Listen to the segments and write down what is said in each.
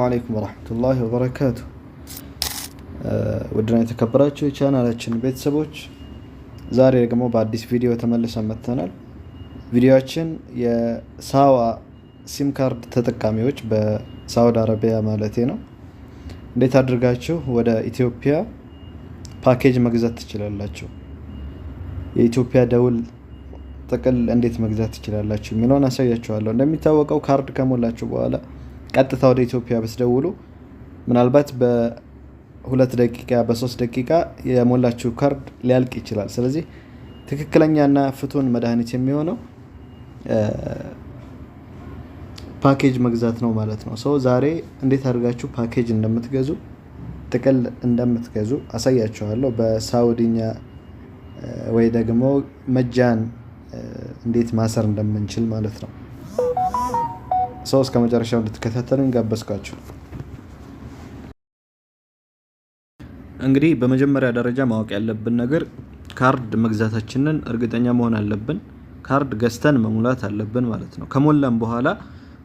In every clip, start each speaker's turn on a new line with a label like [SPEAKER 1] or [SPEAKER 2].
[SPEAKER 1] አለይኩም ወረሕመቱላሂ ወበረካቱ ውድና የተከበራችሁ የቻናላችን ቤተሰቦች ዛሬ ደግሞ በአዲስ ቪዲዮ ተመልሰን መጥተናል። ቪዲዮችን የሳዋ ሲም ካርድ ተጠቃሚዎች በሳውዲ አረቢያ ማለቴ ነው፣ እንዴት አድርጋችሁ ወደ ኢትዮጵያ ፓኬጅ መግዛት ትችላላችሁ፣ የኢትዮጵያ ደውል ጥቅል እንዴት መግዛት ትችላላችሁ የሚለውን አሳያችኋለሁ። እንደሚታወቀው ካርድ ከሞላችሁ በኋላ ቀጥታ ወደ ኢትዮጵያ ብትደውሉ ምናልባት በሁለት ደቂቃ በሶስት ደቂቃ የሞላችሁ ካርድ ሊያልቅ ይችላል። ስለዚህ ትክክለኛና ፍቱን መድኃኒት የሚሆነው ፓኬጅ መግዛት ነው ማለት ነው። ሰው ዛሬ እንዴት አድርጋችሁ ፓኬጅ እንደምትገዙ ጥቅል እንደምትገዙ አሳያችኋለሁ። በሳውዲኛ ወይ ደግሞ መጃን እንዴት ማሰር እንደምንችል ማለት ነው። ሰው እስከ መጨረሻው እንድትከታተሉ እንጋበዝኳችሁ። እንግዲህ በመጀመሪያ ደረጃ ማወቅ ያለብን ነገር ካርድ መግዛታችንን እርግጠኛ መሆን አለብን። ካርድ ገዝተን መሙላት አለብን ማለት ነው። ከሞላም በኋላ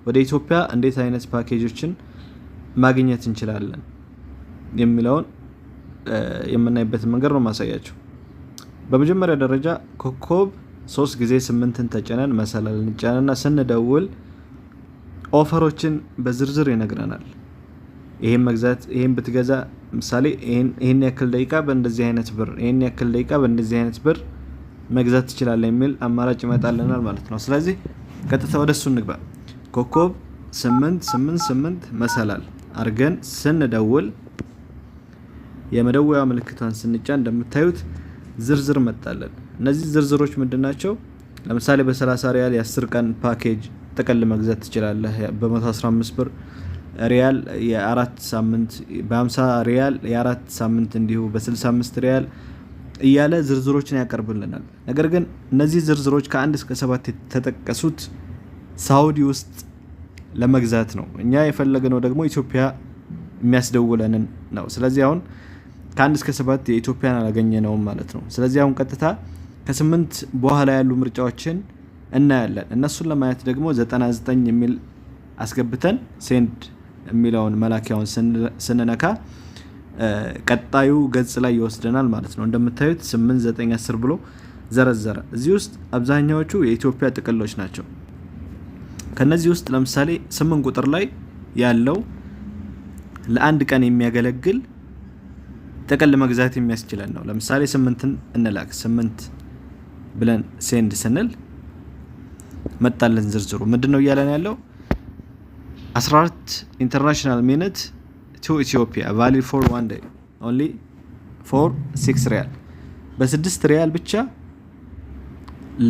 [SPEAKER 1] ወደ ኢትዮጵያ እንዴት አይነት ፓኬጆችን ማግኘት እንችላለን የሚለውን የምናይበትን መንገድ ነው ማሳያቸው። በመጀመሪያ ደረጃ ኮከብ ሶስት ጊዜ ስምንትን ተጭነን መሰላል እንጫንና ስንደውል ኦፈሮችን በዝርዝር ይነግረናል። ይሄን መግዛት ይሄን ብትገዛ ምሳሌ ይህን ያክል ደቂቃ በእንደዚህ አይነት ብር፣ ይህን ያክል ደቂቃ በእንደዚህ አይነት ብር መግዛት ትችላለህ የሚል አማራጭ ይመጣልናል ማለት ነው። ስለዚህ ቀጥታ ወደ እሱ እንግባ። ኮከብ ስምንት ስምንት ስምንት መሰላል አድርገን ስንደውል የመደወያ ምልክቷን ስንጫ እንደምታዩት ዝርዝር መጣለን። እነዚህ ዝርዝሮች ምንድን ናቸው? ለምሳሌ በ30 ሪያል የ10 ቀን ፓኬጅ ጥቅል መግዛት ትችላለህ። በ115 ብር ሪያል የአራት ሳምንት በ50 ሪያል የአራት ሳምንት እንዲሁ በ65 ሪያል እያለ ዝርዝሮችን ያቀርብልናል። ነገር ግን እነዚህ ዝርዝሮች ከአንድ እስከ ሰባት የተጠቀሱት ሳውዲ ውስጥ ለመግዛት ነው። እኛ የፈለግነው ደግሞ ኢትዮጵያ የሚያስደውለንን ነው። ስለዚህ አሁን ከአንድ እስከ ሰባት የኢትዮጵያን አላገኘ ነውም ማለት ነው። ስለዚህ አሁን ቀጥታ ከስምንት በኋላ ያሉ ምርጫዎችን እናያለን። እነሱን ለማየት ደግሞ 99 የሚል አስገብተን ሴንድ የሚለውን መላኪያውን ስንነካ ቀጣዩ ገጽ ላይ ይወስደናል ማለት ነው። እንደምታዩት 8910 ብሎ ዘረዘረ። እዚህ ውስጥ አብዛኛዎቹ የኢትዮጵያ ጥቅሎች ናቸው። ከነዚህ ውስጥ ለምሳሌ 8 ቁጥር ላይ ያለው ለአንድ ቀን የሚያገለግል ጥቅል መግዛት የሚያስችለን ነው። ለምሳሌ ስምንትን እንላክ። ስምንት ብለን ሴንድ ስንል መጣለን ዝርዝሩ ምንድን ነው እያለን ያለው 14 ኢንተርናሽናል ሚኒት ቱ ኢትዮጵያ ቫሊድ ፎር ዋን ኦንሊ ፎር ሲክስ ሪያል በስድስት ሪያል ብቻ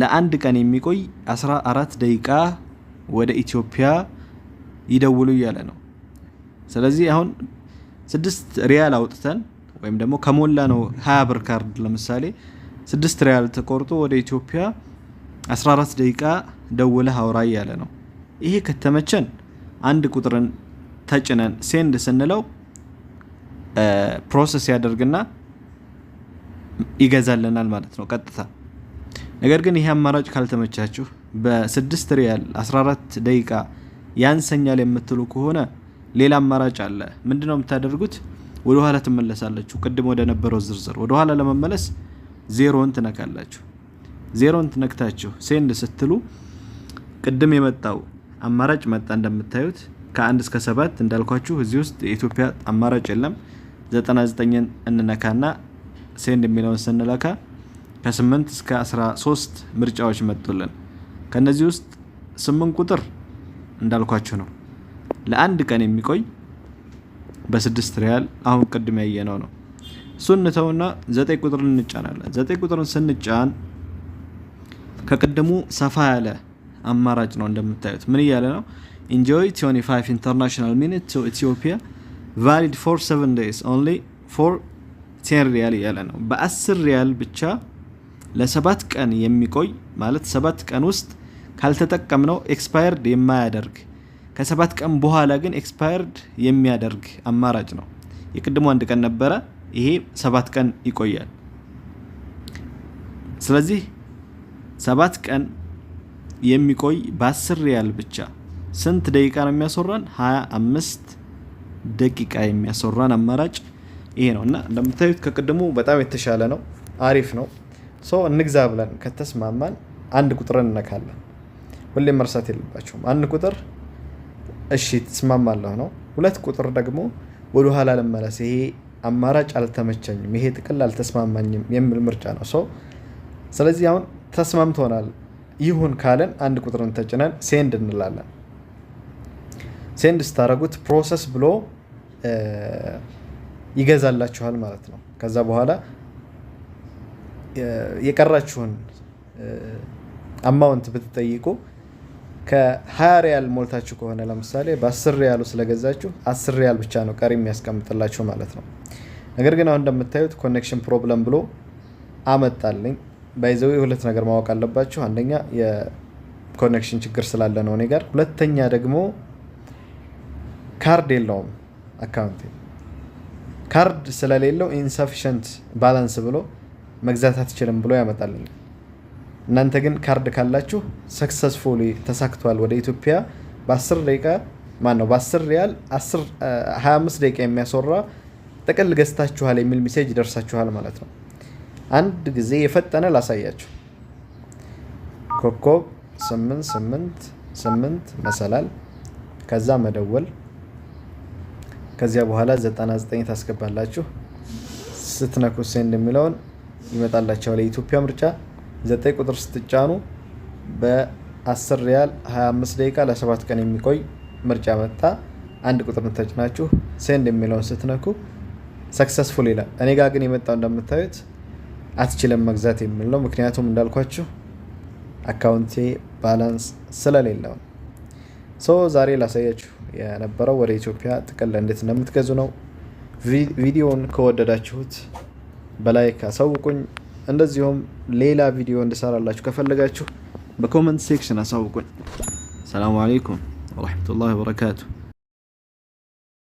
[SPEAKER 1] ለአንድ ቀን የሚቆይ 14 ደቂቃ ወደ ኢትዮጵያ ይደውሉ እያለ ነው። ስለዚህ አሁን ስድስት ሪያል አውጥተን ወይም ደግሞ ከሞላ ነው ሀያ ብር ካርድ ለምሳሌ ስድስት ሪያል ተቆርጦ ወደ ኢትዮጵያ 14 ደቂቃ ደውለህ አውራ እያለ ነው። ይሄ ከተመቸን አንድ ቁጥርን ተጭነን ሴንድ ስንለው ፕሮሰስ ያደርግና ይገዛልናል ማለት ነው ቀጥታ። ነገር ግን ይሄ አማራጭ ካልተመቻችሁ በስድስት ሪያል 14 ደቂቃ ያንሰኛል የምትሉ ከሆነ ሌላ አማራጭ አለ። ምንድነው የምታደርጉት? ወደኋላ ትመለሳላችሁ። ቅድም ወደ ነበረው ዝርዝር ወደኋላ ለመመለስ ዜሮን ትነካላችሁ። ዜሮን ትነክታችሁ ሴንድ ስትሉ ቅድም የመጣው አማራጭ መጣ እንደምታዩት ከአንድ እስከ ሰባት እንዳልኳችሁ እዚህ ውስጥ የኢትዮጵያ አማራጭ የለም። 99ን እንነካና ሴንድ የሚለውን ስንለካ ከ8 እስከ 13 ምርጫዎች መጡልን። ከነዚህ ውስጥ 8 ቁጥር እንዳልኳችሁ ነው ለአንድ ቀን የሚቆይ በስድስት ሪያል አሁን ቅድም ያየነው ነው። እሱን እንተውና ዘጠኝ ቁጥርን እንጫናለን። ዘጠኝ ቁጥርን ስንጫን ከቅድሙ ሰፋ ያለ አማራጭ ነው። እንደምታዩት ምን እያለ ነው? ኢንጆይ 25 ኢንተርናሽናል ሚኒት ቱ ኢትዮጵያ ቫሊድ ፎር 7 ዴይስ ኦንሊ ፎር 10 ሪያል እያለ ነው። በ10 ሪያል ብቻ ለሰባት ቀን የሚቆይ ማለት ሰባት ቀን ውስጥ ካልተጠቀምነው ኤክስፓየርድ የማያደርግ ከሰባት ቀን በኋላ ግን ኤክስፓየርድ የሚያደርግ አማራጭ ነው። የቅድሞ አንድ ቀን ነበረ፣ ይሄ ሰባት ቀን ይቆያል። ስለዚህ ሰባት ቀን የሚቆይ በአስር ሪያል ብቻ ስንት ደቂቃ ነው የሚያሰራን? ሀያ አምስት ደቂቃ የሚያሰራን አማራጭ ይሄ ነው እና እንደምታዩት ከቅድሙ በጣም የተሻለ ነው። አሪፍ ነው። ሰው እንግዛ ብለን ከተስማማን አንድ ቁጥርን እነካለን። ሁሌም መርሳት የለባቸውም። አንድ ቁጥር እሺ ትስማማለሁ ነው። ሁለት ቁጥር ደግሞ ወደ ኋላ ልመለስ፣ ይሄ አማራጭ አልተመቸኝም፣ ይሄ ጥቅል አልተስማማኝም የሚል ምርጫ ነው ሰው። ስለዚህ አሁን ተስማምቶናል? ይሁን ካለን አንድ ቁጥርን ተጭነን ሴንድ እንላለን። ሴንድ ስታደረጉት ፕሮሰስ ብሎ ይገዛላችኋል ማለት ነው። ከዛ በኋላ የቀራችሁን አማውንት ብትጠይቁ ከሀያ ሪያል ሞልታችሁ ከሆነ ለምሳሌ በአስር ሪያሉ ስለገዛችሁ አስር ሪያል ብቻ ነው ቀሪ የሚያስቀምጥላችሁ ማለት ነው። ነገር ግን አሁን እንደምታዩት ኮኔክሽን ፕሮብለም ብሎ አመጣልኝ። ባይዘው ሁለት ነገር ማወቅ አለባችሁ። አንደኛ የኮኔክሽን ችግር ስላለ ነው እኔ ጋር። ሁለተኛ ደግሞ ካርድ የለውም አካውንት ካርድ ስለሌለው ኢንሰፊሽንት ባላንስ ብሎ መግዛት አትችልም ብሎ ያመጣልን። እናንተ ግን ካርድ ካላችሁ ሰክሰስፉሊ ተሳክቷል ወደ ኢትዮጵያ በ10 ደቂቃ ማን ነው በ10 ሪያል 25 ደቂቃ የሚያስወራ ጥቅል ገዝታችኋል የሚል ሚሴጅ ይደርሳችኋል ማለት ነው። አንድ ጊዜ የፈጠነ ላሳያችሁ። ኮከብ ስምንት ስምንት ስምንት መሰላል ከዛ መደወል ከዚያ በኋላ 99 ታስገባላችሁ። ስትነኩ ሴንድ የሚለውን ይመጣላችኋል። የኢትዮጵያ ምርጫ 9 ቁጥር ስትጫኑ በ10 ሪያል 25 ደቂቃ ለ7 ቀን የሚቆይ ምርጫ መጣ። አንድ ቁጥር ተጭናችሁ ሴንድ የሚለውን ስትነኩ ሰክሰስፉል ይላል። እኔ ጋር ግን የመጣው እንደምታዩት አትችልም መግዛት የሚል ነው። ምክንያቱም እንዳልኳችሁ አካውንቴ ባላንስ ስለሌለው ሶ ዛሬ ላሳያችሁ የነበረው ወደ ኢትዮጵያ ጥቅል እንዴት እንደምትገዙ ነው። ቪዲዮውን ከወደዳችሁት በላይክ አሳውቁኝ። እንደዚሁም ሌላ ቪዲዮ እንድሰራላችሁ ከፈለጋችሁ በኮመንት ሴክሽን አሳውቁኝ። ሰላሙ አለይኩም ወረሕመቱላሂ ወበረካቱ።